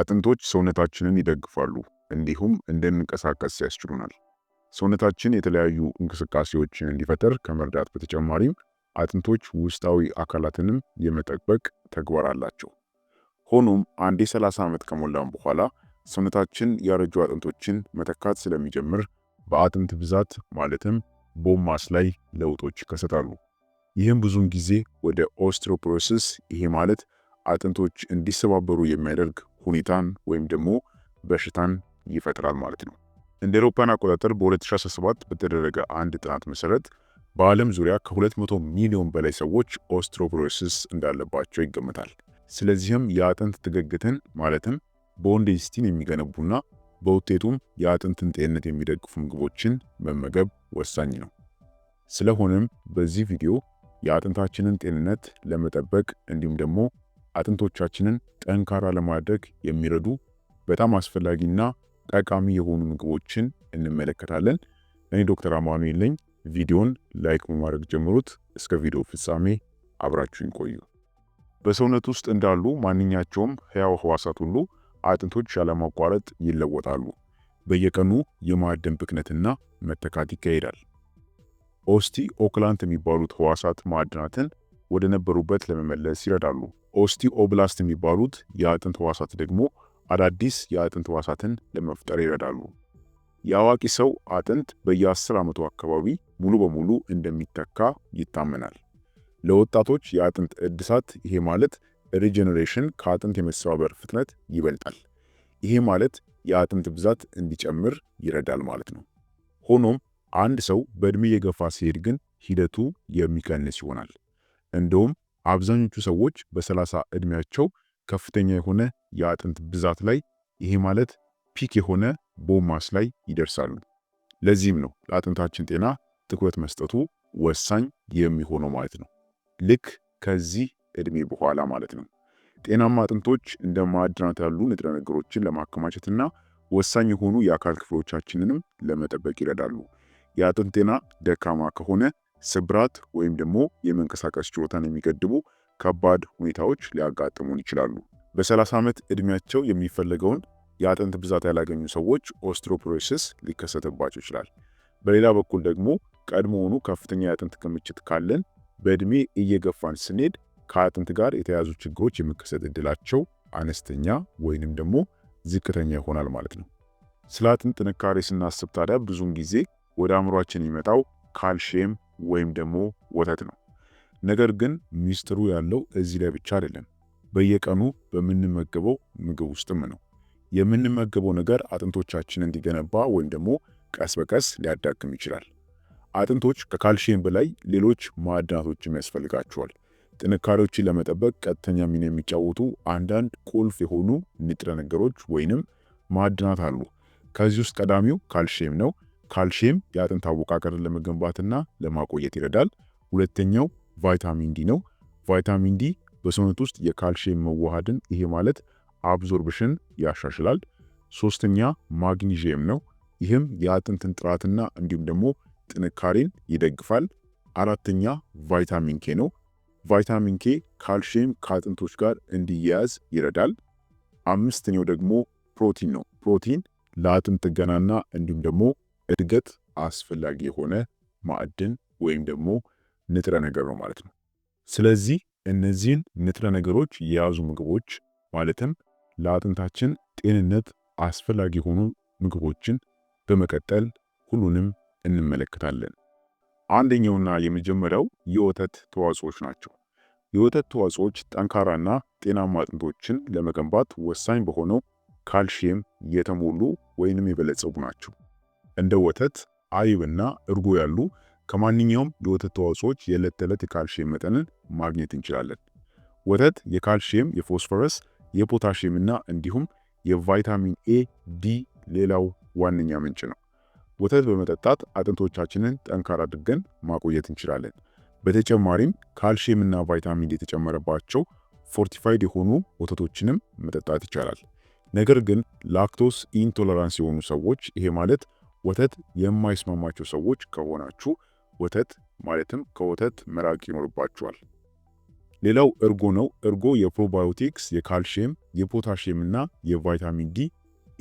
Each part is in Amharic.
አጥንቶች ሰውነታችንን ይደግፋሉ እንዲሁም እንድንቀሳቀስ ያስችሉናል። ሰውነታችን የተለያዩ እንቅስቃሴዎችን እንዲፈጠር ከመርዳት በተጨማሪም አጥንቶች ውስጣዊ አካላትንም የመጠበቅ ተግባር አላቸው። ሆኖም አንዴ 30 ዓመት ከሞላም በኋላ ሰውነታችን ያረጁ አጥንቶችን መተካት ስለሚጀምር በአጥንት ብዛት ማለትም ቦማስ ላይ ለውጦች ይከሰታሉ። ይህም ብዙውን ጊዜ ወደ ኦስትሮፕሮሲስ ይሄ ማለት አጥንቶች እንዲሰባበሩ የሚያደርግ ሁኔታን ወይም ደግሞ በሽታን ይፈጥራል ማለት ነው። እንደ አውሮፓውያን አቆጣጠር በ2017 በተደረገ አንድ ጥናት መሰረት በዓለም ዙሪያ ከ200 ሚሊዮን በላይ ሰዎች ኦስትሮፕሮሲስ እንዳለባቸው ይገመታል። ስለዚህም የአጥንት ጥግግትን ማለትም ቦንዴስቲን የሚገነቡና በውጤቱም የአጥንትን ጤንነት የሚደግፉ ምግቦችን መመገብ ወሳኝ ነው። ስለሆነም በዚህ ቪዲዮ የአጥንታችንን ጤንነት ለመጠበቅ እንዲሁም ደግሞ አጥንቶቻችንን ጠንካራ ለማድረግ የሚረዱ በጣም አስፈላጊና ጠቃሚ የሆኑ ምግቦችን እንመለከታለን። እኔ ዶክተር አማኑኤል ነኝ። ቪዲዮን ላይክ በማድረግ ጀምሩት። እስከ ቪዲዮ ፍጻሜ አብራችሁኝ ቆዩ። በሰውነት ውስጥ እንዳሉ ማንኛቸውም ህያው ህዋሳት ሁሉ አጥንቶች ያለማቋረጥ ይለወጣሉ። በየቀኑ የማዕድን ብክነትና መተካት ይካሄዳል። ኦስቲ ኦክላንት የሚባሉት ህዋሳት ማዕድናትን ወደ ነበሩበት ለመመለስ ይረዳሉ። ኦስቲኦብላስት የሚባሉት የአጥንት ህዋሳት ደግሞ አዳዲስ የአጥንት ህዋሳትን ለመፍጠር ይረዳሉ። የአዋቂ ሰው አጥንት በየ10 ዓመቱ አካባቢ ሙሉ በሙሉ እንደሚተካ ይታመናል። ለወጣቶች የአጥንት እድሳት ይሄ ማለት ሪጀኔሬሽን ከአጥንት የመሰባበር ፍጥነት ይበልጣል። ይሄ ማለት የአጥንት ብዛት እንዲጨምር ይረዳል ማለት ነው። ሆኖም አንድ ሰው በእድሜ የገፋ ሲሄድ ግን ሂደቱ የሚቀንስ ይሆናል። እንደውም አብዛኞቹ ሰዎች በሰላሳ እድሜያቸው ከፍተኛ የሆነ የአጥንት ብዛት ላይ ይሄ ማለት ፒክ የሆነ ቦማስ ላይ ይደርሳሉ። ለዚህም ነው ለአጥንታችን ጤና ትኩረት መስጠቱ ወሳኝ የሚሆነው ማለት ነው። ልክ ከዚህ እድሜ በኋላ ማለት ነው። ጤናማ አጥንቶች እንደ ማዕድናት ያሉ ንጥረ ነገሮችን ለማከማቸትና ወሳኝ የሆኑ የአካል ክፍሎቻችንንም ለመጠበቅ ይረዳሉ። የአጥንት ጤና ደካማ ከሆነ ስብራት ወይም ደግሞ የመንቀሳቀስ ችሎታን የሚገድቡ ከባድ ሁኔታዎች ሊያጋጥሙን ይችላሉ። በ30 ዓመት ዕድሜያቸው የሚፈለገውን የአጥንት ብዛት ያላገኙ ሰዎች ኦስትሮፕሮሲስ ሊከሰትባቸው ይችላል። በሌላ በኩል ደግሞ ቀድሞውኑ ከፍተኛ የአጥንት ክምችት ካለን በዕድሜ እየገፋን ስንሄድ ከአጥንት ጋር የተያያዙ ችግሮች የመከሰት እድላቸው አነስተኛ ወይንም ደግሞ ዝቅተኛ ይሆናል ማለት ነው። ስለ አጥንት ጥንካሬ ስናስብ ታዲያ ብዙውን ጊዜ ወደ አእምሯችን የሚመጣው ካልሽየም ወይም ደግሞ ወተት ነው። ነገር ግን ሚስጥሩ ያለው እዚህ ላይ ብቻ አይደለም፣ በየቀኑ በምንመገበው ምግብ ውስጥም ነው። የምንመገበው ነገር አጥንቶቻችን እንዲገነባ ወይም ደግሞ ቀስ በቀስ ሊያዳክም ይችላል። አጥንቶች ከካልሽየም በላይ ሌሎች ማዕድናቶችም ያስፈልጋቸዋል። ጥንካሬዎችን ለመጠበቅ ቀጥተኛ ሚና የሚጫወቱ አንዳንድ ቁልፍ የሆኑ ንጥረ ነገሮች ወይንም ማዕድናት አሉ። ከዚህ ውስጥ ቀዳሚው ካልሽየም ነው። ካልሽየም የአጥንት አወቃቀርን ለመገንባትና ለማቆየት ይረዳል። ሁለተኛው ቫይታሚን ዲ ነው። ቫይታሚን ዲ በሰውነት ውስጥ የካልሽየም መዋሃድን ይሄ ማለት አብዞርብሽን ያሻሽላል። ሶስተኛ ማግኒዥየም ነው። ይህም የአጥንትን ጥራትና እንዲሁም ደግሞ ጥንካሬን ይደግፋል። አራተኛ ቫይታሚን ኬ ነው። ቫይታሚን ኬ ካልሽየም ከአጥንቶች ጋር እንዲያያዝ ይረዳል። አምስተኛው ደግሞ ፕሮቲን ነው። ፕሮቲን ለአጥንት ጥገናና እንዲሁም ደግሞ እድገት አስፈላጊ የሆነ ማዕድን ወይም ደግሞ ንጥረ ነገር ነው ማለት ነው። ስለዚህ እነዚህን ንጥረ ነገሮች የያዙ ምግቦች ማለትም ለአጥንታችን ጤንነት አስፈላጊ የሆኑ ምግቦችን በመቀጠል ሁሉንም እንመለከታለን። አንደኛውና የመጀመሪያው የወተት ተዋጽኦች ናቸው። የወተት ተዋጽኦች ጠንካራና ጤናማ አጥንቶችን ለመገንባት ወሳኝ በሆነው ካልሽየም የተሞሉ ወይንም የበለጸጉ ናቸው። እንደ ወተት፣ አይብ እና እርጎ ያሉ ከማንኛውም የወተት ተዋጽኦች የዕለት ተዕለት የካልሽየም መጠንን ማግኘት እንችላለን። ወተት የካልሽየም፣ የፎስፈረስ፣ የፖታሽየም እና እንዲሁም የቫይታሚን ኤ ዲ ሌላው ዋነኛ ምንጭ ነው። ወተት በመጠጣት አጥንቶቻችንን ጠንካራ አድርገን ማቆየት እንችላለን። በተጨማሪም ካልሽየም እና ቫይታሚን የተጨመረባቸው ፎርቲፋይድ የሆኑ ወተቶችንም መጠጣት ይቻላል። ነገር ግን ላክቶስ ኢንቶለራንስ የሆኑ ሰዎች ይሄ ማለት ወተት የማይስማማቸው ሰዎች ከሆናችሁ ወተት ማለትም ከወተት መራቅ ይኖርባችኋል። ሌላው እርጎ ነው። እርጎ የፕሮባዮቲክስ የካልሽየም የፖታሽየም እና የቫይታሚን ዲ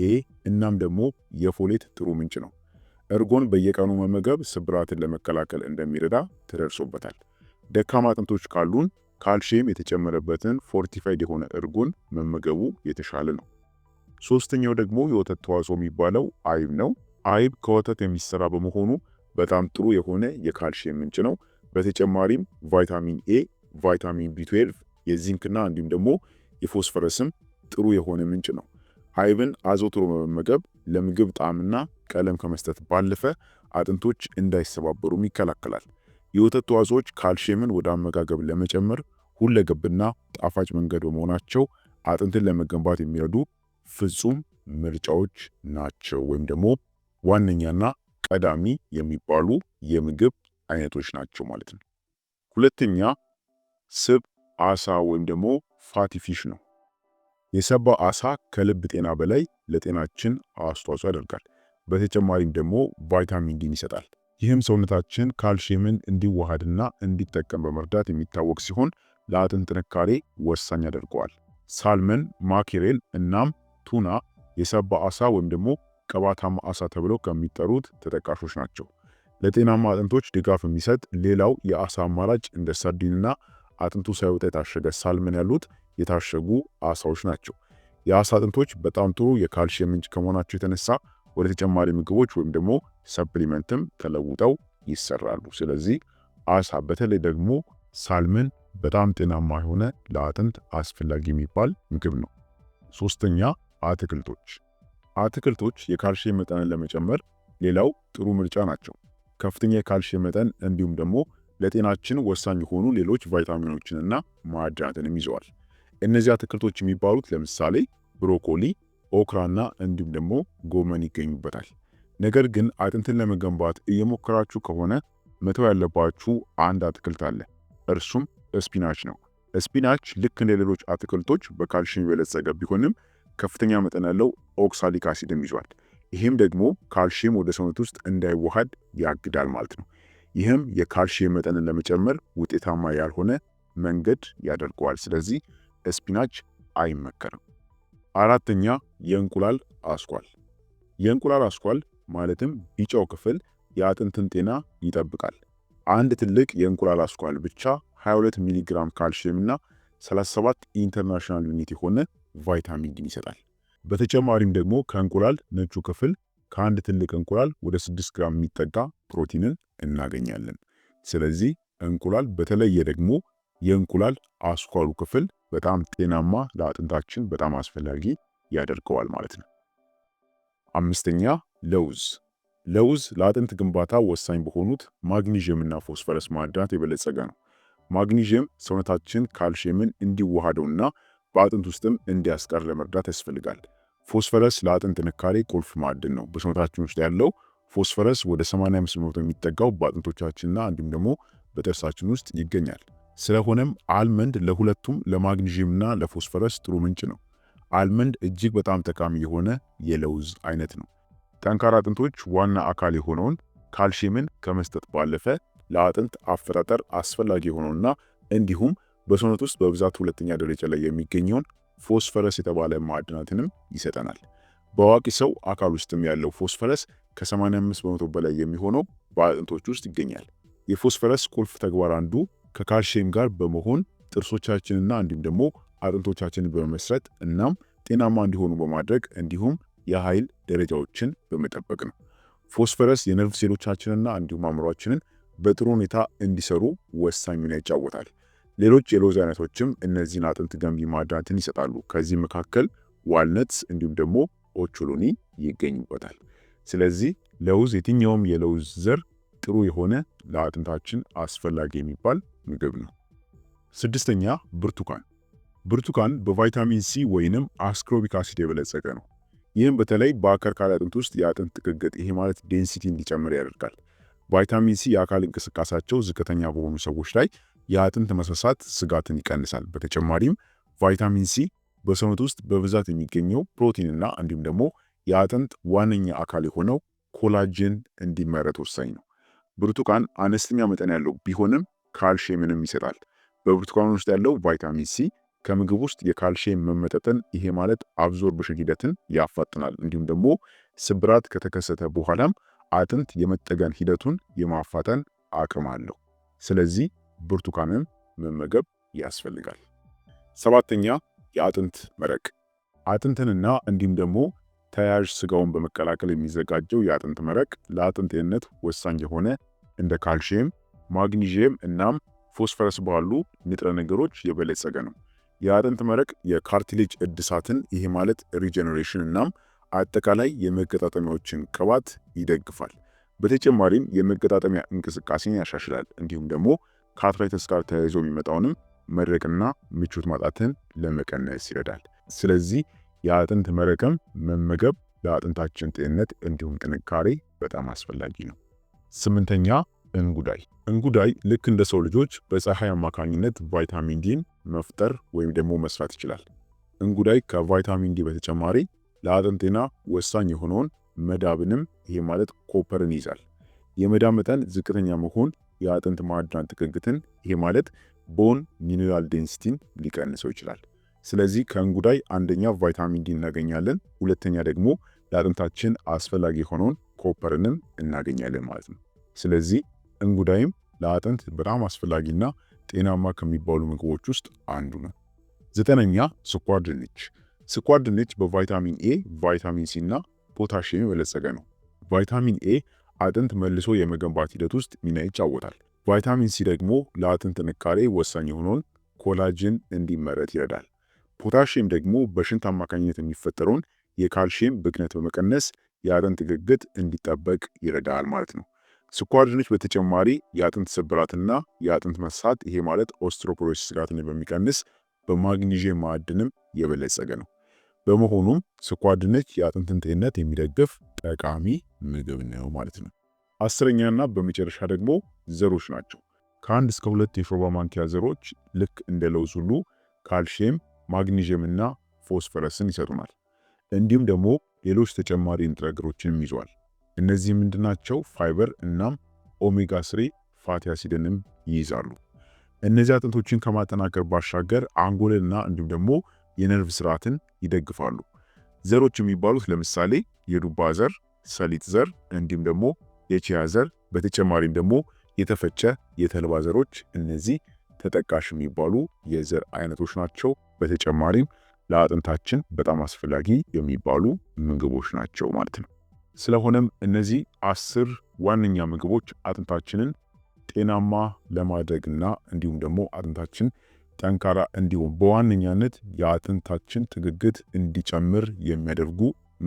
ኤ እናም ደግሞ የፎሌት ጥሩ ምንጭ ነው። እርጎን በየቀኑ መመገብ ስብራትን ለመከላከል እንደሚረዳ ተደርሶበታል። ደካማ አጥንቶች ካሉን ካልሽየም የተጨመረበትን ፎርቲፋይድ የሆነ እርጎን መመገቡ የተሻለ ነው። ሶስተኛው ደግሞ የወተት ተዋጽኦ የሚባለው አይብ ነው። አይብ ከወተት የሚሰራ በመሆኑ በጣም ጥሩ የሆነ የካልሽየም ምንጭ ነው። በተጨማሪም ቫይታሚን ኤ፣ ቫይታሚን ቢ12 የዚንክና እንዲሁም ደግሞ የፎስፈረስም ጥሩ የሆነ ምንጭ ነው። አይብን አዘውትሮ በመመገብ ለምግብ ጣዕምና ቀለም ከመስጠት ባለፈ አጥንቶች እንዳይሰባበሩም ይከላከላል። የወተት ተዋጽኦች ካልሽየምን ወደ አመጋገብ ለመጨመር ሁለገብና ጣፋጭ መንገድ በመሆናቸው አጥንትን ለመገንባት የሚረዱ ፍጹም ምርጫዎች ናቸው ወይም ደግሞ ዋነኛና ቀዳሚ የሚባሉ የምግብ አይነቶች ናቸው ማለት ነው። ሁለተኛ ስብ አሳ ወይም ደግሞ ፋቲ ፊሽ ነው። የሰባ አሳ ከልብ ጤና በላይ ለጤናችን አስተዋጽኦ ያደርጋል። በተጨማሪም ደግሞ ቫይታሚን ዲን ይሰጣል። ይህም ሰውነታችን ካልሽየምን እንዲዋሃድና እንዲጠቀም በመርዳት የሚታወቅ ሲሆን ለአጥንት ጥንካሬ ወሳኝ ያደርገዋል። ሳልመን፣ ማኪሬል እናም ቱና የሰባ አሳ ወይም ደግሞ ቅባታማ አሳ ተብለው ከሚጠሩት ተጠቃሾች ናቸው። ለጤናማ አጥንቶች ድጋፍ የሚሰጥ ሌላው የአሳ አማራጭ እንደ ሳርዲንና አጥንቱ ሳይወጣ የታሸገ ሳልመን ያሉት የታሸጉ አሳዎች ናቸው። የአሳ አጥንቶች በጣም ጥሩ የካልሽየም ምንጭ ከመሆናቸው የተነሳ ወደ ተጨማሪ ምግቦች ወይም ደግሞ ሰፕሊመንትም ተለውጠው ይሰራሉ። ስለዚህ አሳ በተለይ ደግሞ ሳልመን በጣም ጤናማ የሆነ ለአጥንት አስፈላጊ የሚባል ምግብ ነው። ሶስተኛ አትክልቶች አትክልቶች የካልሽየም መጠንን ለመጨመር ሌላው ጥሩ ምርጫ ናቸው። ከፍተኛ የካልሽየም መጠን እንዲሁም ደግሞ ለጤናችን ወሳኝ የሆኑ ሌሎች ቫይታሚኖችንና ማዕድናትንም ይዘዋል። እነዚህ አትክልቶች የሚባሉት ለምሳሌ ብሮኮሊ፣ ኦክራና እንዲሁም ደግሞ ጎመን ይገኙበታል። ነገር ግን አጥንትን ለመገንባት እየሞከራችሁ ከሆነ መተው ያለባችሁ አንድ አትክልት አለ። እርሱም ስፒናች ነው። ስፒናች ልክ እንደ ሌሎች አትክልቶች በካልሽየም የበለጸገ ቢሆንም ከፍተኛ መጠን ያለው ኦክሳሊክ አሲድም ይዟል። ይህም ደግሞ ካልሽየም ወደ ሰውነት ውስጥ እንዳይዋሃድ ያግዳል ማለት ነው። ይህም የካልሽየም መጠንን ለመጨመር ውጤታማ ያልሆነ መንገድ ያደርገዋል። ስለዚህ ስፒናች አይመከርም። አራተኛ የእንቁላል አስኳል። የእንቁላል አስኳል ማለትም ቢጫው ክፍል የአጥንትን ጤና ይጠብቃል። አንድ ትልቅ የእንቁላል አስኳል ብቻ 22 ሚሊግራም ካልሽየም እና 37 ኢንተርናሽናል ዩኒት የሆነ ቫይታሚን ዲን ይሰጣል። በተጨማሪም ደግሞ ከእንቁላል ነጩ ክፍል ከአንድ ትልቅ እንቁላል ወደ 6 ግራም የሚጠጋ ፕሮቲንን እናገኛለን። ስለዚህ እንቁላል በተለየ ደግሞ የእንቁላል አስኳሉ ክፍል በጣም ጤናማ ለአጥንታችን በጣም አስፈላጊ ያደርገዋል ማለት ነው። አምስተኛ ለውዝ። ለውዝ ለአጥንት ግንባታ ወሳኝ በሆኑት ማግኒዥየም እና ፎስፈረስ ማዕድናት የበለጸገ ነው። ማግኒዥየም ሰውነታችን ካልሽየምን እንዲዋሃደውና በአጥንት ውስጥም እንዲያስቀር ለመርዳት ያስፈልጋል። ፎስፈረስ ለአጥንት ጥንካሬ ቁልፍ ማዕድን ነው። በሰውነታችን ውስጥ ያለው ፎስፈረስ ወደ 85 በመቶ የሚጠጋው በአጥንቶቻችንና እንዲሁም ደግሞ በጥርሳችን ውስጥ ይገኛል። ስለሆነም አልመንድ ለሁለቱም ለማግኒዥየምና ለፎስፈረስ ጥሩ ምንጭ ነው። አልመንድ እጅግ በጣም ጠቃሚ የሆነ የለውዝ አይነት ነው። ጠንካራ አጥንቶች ዋና አካል የሆነውን ካልሽየምን ከመስጠት ባለፈ ለአጥንት አፈጣጠር አስፈላጊ የሆነውና እንዲሁም በሰውነት ውስጥ በብዛት ሁለተኛ ደረጃ ላይ የሚገኘውን ፎስፈረስ የተባለ ማዕድናትንም ይሰጠናል። በአዋቂ ሰው አካል ውስጥም ያለው ፎስፈረስ ከ85 በመቶ በላይ የሚሆነው በአጥንቶች ውስጥ ይገኛል። የፎስፈረስ ቁልፍ ተግባር አንዱ ከካልሽየም ጋር በመሆን ጥርሶቻችንና እንዲሁም ደግሞ አጥንቶቻችንን በመስረት እናም ጤናማ እንዲሆኑ በማድረግ እንዲሁም የኃይል ደረጃዎችን በመጠበቅ ነው። ፎስፈረስ የነርቭ ሴሎቻችንና እንዲሁም አእምሯችንን በጥሩ ሁኔታ እንዲሰሩ ወሳኝ ሚና ይጫወታል። ሌሎች የለውዝ አይነቶችም እነዚህን አጥንት ገንቢ ማዕድናትን ይሰጣሉ። ከዚህ መካከል ዋልነት እንዲሁም ደግሞ ኦቾሎኒ ይገኙበታል። ስለዚህ ለውዝ የትኛውም የለውዝ ዘር ጥሩ የሆነ ለአጥንታችን አስፈላጊ የሚባል ምግብ ነው። ስድስተኛ ብርቱካን። ብርቱካን በቫይታሚን ሲ ወይንም አስክሮቢክ አሲድ የበለጸገ ነው። ይህም በተለይ በአከርካሪ አጥንት ውስጥ የአጥንት ጥግግት ይሄ ማለት ዴንሲቲ እንዲጨምር ያደርጋል። ቫይታሚን ሲ የአካል እንቅስቃሴያቸው ዝቅተኛ በሆኑ ሰዎች ላይ የአጥንት መሳሳት ስጋትን ይቀንሳል። በተጨማሪም ቫይታሚን ሲ በሰውነት ውስጥ በብዛት የሚገኘው ፕሮቲንና እንዲሁም ደግሞ የአጥንት ዋነኛ አካል የሆነው ኮላጅን እንዲመረት ወሳኝ ነው። ብርቱካን አነስተኛ መጠን ያለው ቢሆንም ካልሽየምንም ይሰጣል። በብርቱካን ውስጥ ያለው ቫይታሚን ሲ ከምግብ ውስጥ የካልሽየም መመጠጥን ይሄ ማለት አብዞርብሽን ሂደትን ያፋጥናል። እንዲሁም ደግሞ ስብራት ከተከሰተ በኋላም አጥንት የመጠገን ሂደቱን የማፋጠን አቅም አለው። ስለዚህ ብርቱካንን መመገብ ያስፈልጋል። ሰባተኛ የአጥንት መረቅ። አጥንትንና እንዲሁም ደግሞ ተያያዥ ስጋውን በመቀላቀል የሚዘጋጀው የአጥንት መረቅ ለአጥንት ጤንነት ወሳኝ የሆነ እንደ ካልሽየም፣ ማግኒዥየም እናም ፎስፈረስ ባሉ ንጥረ ነገሮች የበለጸገ ነው። የአጥንት መረቅ የካርቲሌጅ እድሳትን ይሄ ማለት ሪጀኔሬሽን እናም አጠቃላይ የመገጣጠሚያዎችን ቅባት ይደግፋል። በተጨማሪም የመገጣጠሚያ እንቅስቃሴን ያሻሽላል እንዲሁም ደግሞ ከአርትራይተስ ጋር ተያይዞ የሚመጣውንም መድረቅና ምቾት ማጣትን ለመቀነስ ይረዳል። ስለዚህ የአጥንት መረቀም መመገብ ለአጥንታችን ጤንነት እንዲሁም ጥንካሬ በጣም አስፈላጊ ነው። ስምንተኛ እንጉዳይ። እንጉዳይ ልክ እንደ ሰው ልጆች በፀሐይ አማካኝነት ቫይታሚን ዲን መፍጠር ወይም ደግሞ መስራት ይችላል። እንጉዳይ ከቫይታሚን ዲ በተጨማሪ ለአጥንት ጤና ወሳኝ የሆነውን መዳብንም ይሄ ማለት ኮፐርን ይይዛል። የመዳብ መጠን ዝቅተኛ መሆን የአጥንት ማዕድናት ጥግግትን ይሄ ማለት ቦን ሚኒራል ዴንሲቲን ሊቀንሰው ይችላል። ስለዚህ ከእንጉዳይ አንደኛ ቫይታሚን ዲ እናገኛለን፣ ሁለተኛ ደግሞ ለአጥንታችን አስፈላጊ የሆነውን ኮፐርንም እናገኛለን ማለት ነው። ስለዚህ እንጉዳይም ለአጥንት በጣም አስፈላጊና ጤናማ ከሚባሉ ምግቦች ውስጥ አንዱ ነው። ዘጠነኛ ስኳር ድንች። ስኳር ድንች በቫይታሚን ኤ፣ ቫይታሚን ሲ እና ፖታሽየም የበለጸገ ነው። ቫይታሚን ኤ አጥንት መልሶ የመገንባት ሂደት ውስጥ ሚና ይጫወታል። ቫይታሚን ሲ ደግሞ ለአጥንት ጥንካሬ ወሳኝ የሆነውን ኮላጅን እንዲመረት ይረዳል። ፖታሽየም ደግሞ በሽንት አማካኝነት የሚፈጠረውን የካልሽየም ብክነት በመቀነስ የአጥንት ግግት እንዲጠበቅ ይረዳል ማለት ነው። ስኳር ድንች በተጨማሪ የአጥንት ስብራትና የአጥንት መሳት ይሄ ማለት ኦስትሮፖሮሲስ ስጋትን በሚቀንስ በማግኒዥየም ማዕድንም የበለጸገ ነው። በመሆኑም ስኳር ድንች የአጥንትን ጤንነት የሚደግፍ ጠቃሚ ምግብ ነው ማለት ነው። አስረኛና በመጨረሻ ደግሞ ዘሮች ናቸው። ከአንድ እስከ ሁለት የሾርባ ማንኪያ ዘሮች ልክ እንደ ለውዝ ሁሉ ካልሽየም፣ ማግኒዥየም እና ፎስፈረስን ይሰጡናል። እንዲሁም ደግሞ ሌሎች ተጨማሪ ንጥረ ነገሮችንም ይዟል። እነዚህ ምንድናቸው? ፋይበር እናም ኦሜጋ ስሪ ፋቲ አሲድንም ይይዛሉ። እነዚህ አጥንቶችን ከማጠናከር ባሻገር አንጎልንና እንዲሁም ደግሞ የነርቭ ስርዓትን ይደግፋሉ። ዘሮች የሚባሉት ለምሳሌ የዱባ ዘር፣ ሰሊጥ ዘር እንዲሁም ደግሞ የቺያ ዘር በተጨማሪም ደግሞ የተፈጨ የተልባ ዘሮች እነዚህ ተጠቃሽ የሚባሉ የዘር አይነቶች ናቸው። በተጨማሪም ለአጥንታችን በጣም አስፈላጊ የሚባሉ ምግቦች ናቸው ማለት ነው። ስለሆነም እነዚህ አስር ዋነኛ ምግቦች አጥንታችንን ጤናማ ለማድረግና እንዲሁም ደግሞ አጥንታችን ጠንካራ እንዲሆን በዋነኛነት የአጥንታችን ጥግግት እንዲጨምር የሚያደርጉ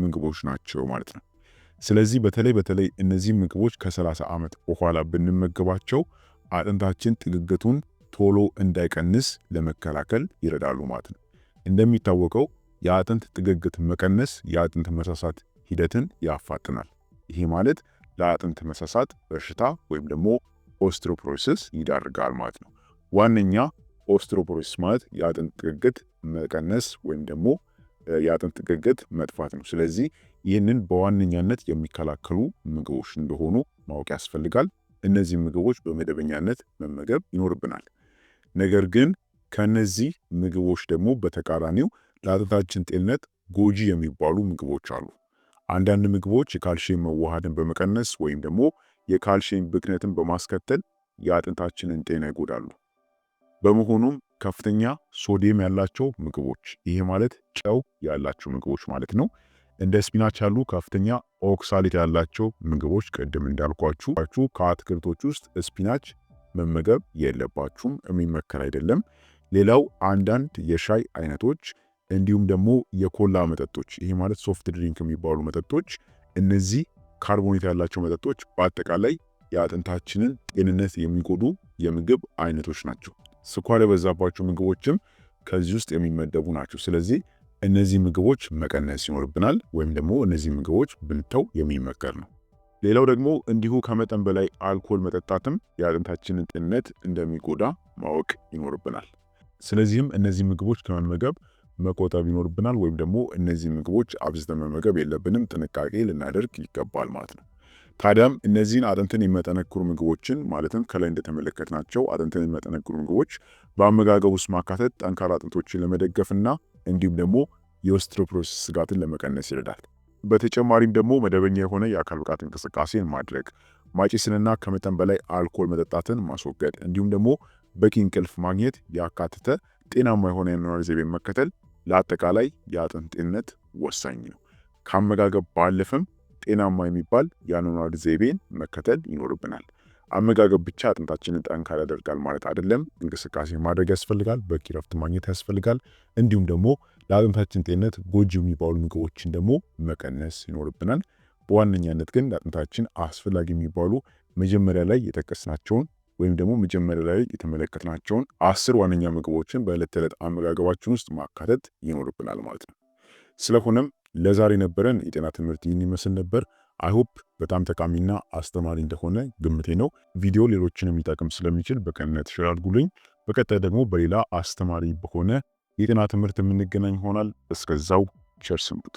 ምግቦች ናቸው ማለት ነው። ስለዚህ በተለይ በተለይ እነዚህ ምግቦች ከ30 ዓመት በኋላ ብንመገባቸው አጥንታችን ጥግግቱን ቶሎ እንዳይቀንስ ለመከላከል ይረዳሉ ማለት ነው። እንደሚታወቀው የአጥንት ጥግግት መቀነስ የአጥንት መሳሳት ሂደትን ያፋጥናል። ይሄ ማለት ለአጥንት መሳሳት በሽታ ወይም ደግሞ ኦስትሮፕሮሲስ ይዳርጋል ማለት ነው። ዋነኛ ኦስትሮፖሮሲስ ማለት የአጥንት ጥግግት መቀነስ ወይም ደግሞ የአጥንት ጥግግት መጥፋት ነው። ስለዚህ ይህንን በዋነኛነት የሚከላከሉ ምግቦች እንደሆኑ ማወቅ ያስፈልጋል። እነዚህ ምግቦች በመደበኛነት መመገብ ይኖርብናል። ነገር ግን ከነዚህ ምግቦች ደግሞ በተቃራኒው ለአጥንታችን ጤንነት ጎጂ የሚባሉ ምግቦች አሉ። አንዳንድ ምግቦች የካልሽየም መዋሃድን በመቀነስ ወይም ደግሞ የካልሽየም ብክነትን በማስከተል የአጥንታችንን ጤና ይጎዳሉ። በመሆኑም ከፍተኛ ሶዲየም ያላቸው ምግቦች ይሄ ማለት ጨው ያላቸው ምግቦች ማለት ነው። እንደ ስፒናች ያሉ ከፍተኛ ኦክሳሌት ያላቸው ምግቦች ቅድም እንዳልኳችሁ ከአትክልቶች ውስጥ ስፒናች መመገብ የለባችሁም፣ የሚመከር አይደለም። ሌላው አንዳንድ የሻይ አይነቶች እንዲሁም ደግሞ የኮላ መጠጦች ይሄ ማለት ሶፍት ድሪንክ የሚባሉ መጠጦች፣ እነዚህ ካርቦኔት ያላቸው መጠጦች በአጠቃላይ የአጥንታችንን ጤንነት የሚጎዱ የምግብ አይነቶች ናቸው። ስኳር የበዛባቸው ምግቦችም ከዚህ ውስጥ የሚመደቡ ናቸው። ስለዚህ እነዚህ ምግቦች መቀነስ ይኖርብናል፣ ወይም ደግሞ እነዚህ ምግቦች ብንተው የሚመከር ነው። ሌላው ደግሞ እንዲሁ ከመጠን በላይ አልኮል መጠጣትም የአጥንታችንን ጤንነት እንደሚጎዳ ማወቅ ይኖርብናል። ስለዚህም እነዚህ ምግቦች ከመመገብ መቆጠብ ይኖርብናል፣ ወይም ደግሞ እነዚህ ምግቦች አብዝተን መመገብ የለብንም፣ ጥንቃቄ ልናደርግ ይገባል ማለት ነው። ታዲያም እነዚህን አጥንትን የሚያጠነክሩ ምግቦችን ማለትም ከላይ እንደተመለከትናቸው አጥንትን የሚያጠነክሩ ምግቦች በአመጋገብ ውስጥ ማካተት ጠንካራ አጥንቶችን ለመደገፍና እንዲሁም ደግሞ የኦስቲዮፖሮሲስ ስጋትን ለመቀነስ ይረዳል። በተጨማሪም ደግሞ መደበኛ የሆነ የአካል ብቃት እንቅስቃሴን ማድረግ፣ ማጭስንና ከመጠን በላይ አልኮል መጠጣትን ማስወገድ እንዲሁም ደግሞ በቂ እንቅልፍ ማግኘት ያካተተ ጤናማ የሆነ የአኗኗር ዘይቤን መከተል ለአጠቃላይ የአጥንት ጤንነት ወሳኝ ነው። ከአመጋገብ ባለፈም ጤናማ የሚባል የአኗኗር ዘይቤን መከተል ይኖርብናል። አመጋገብ ብቻ አጥንታችንን ጠንካራ ያደርጋል ማለት አይደለም። እንቅስቃሴ ማድረግ ያስፈልጋል፣ በቂ ረፍት ማግኘት ያስፈልጋል። እንዲሁም ደግሞ ለአጥንታችን ጤንነት ጎጂ የሚባሉ ምግቦችን ደግሞ መቀነስ ይኖርብናል። በዋነኛነት ግን ለአጥንታችን አስፈላጊ የሚባሉ መጀመሪያ ላይ የጠቀስናቸውን ወይም ደግሞ መጀመሪያ ላይ የተመለከትናቸውን አስር ዋነኛ ምግቦችን በዕለት ተዕለት አመጋገባችን ውስጥ ማካተት ይኖርብናል ማለት ነው። ስለሆነም ለዛሬ ነበረን የጤና ትምህርት ይህን ይመስል ነበር። አይሆፕ በጣም ጠቃሚና አስተማሪ እንደሆነ ግምቴ ነው። ቪዲዮ ሌሎችን የሚጠቅም ስለሚችል በቅንነት ሼር አድርጉልኝ። በቀጣይ ደግሞ በሌላ አስተማሪ በሆነ የጤና ትምህርት የምንገናኝ ይሆናል። እስከዛው ቸር ሰንብቱ።